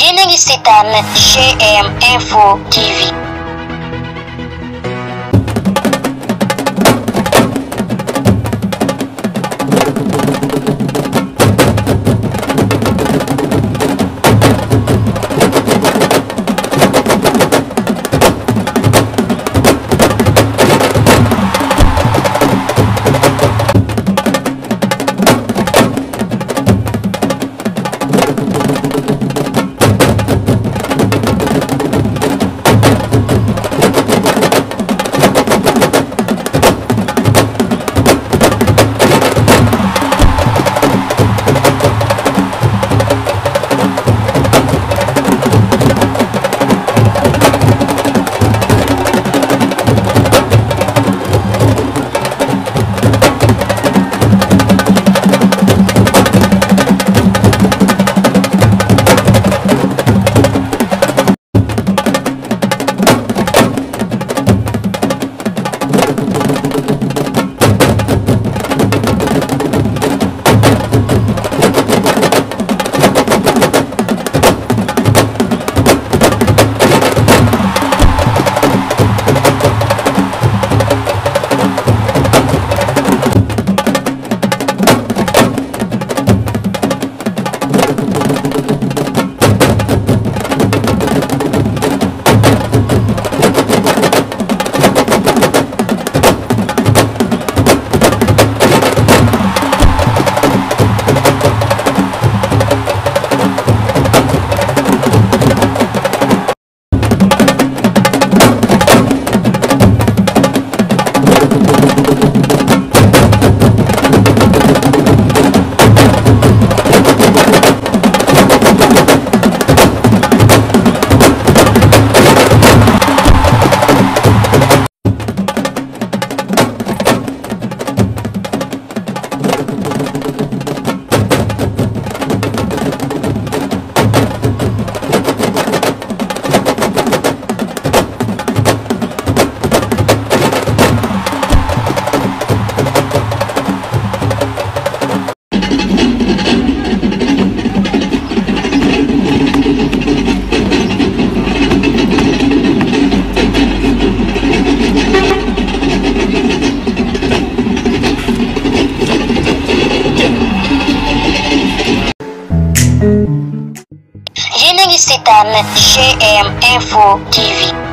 yéen a ngi seetaan GM Info TV yéen a ngi seetaan GM Info TV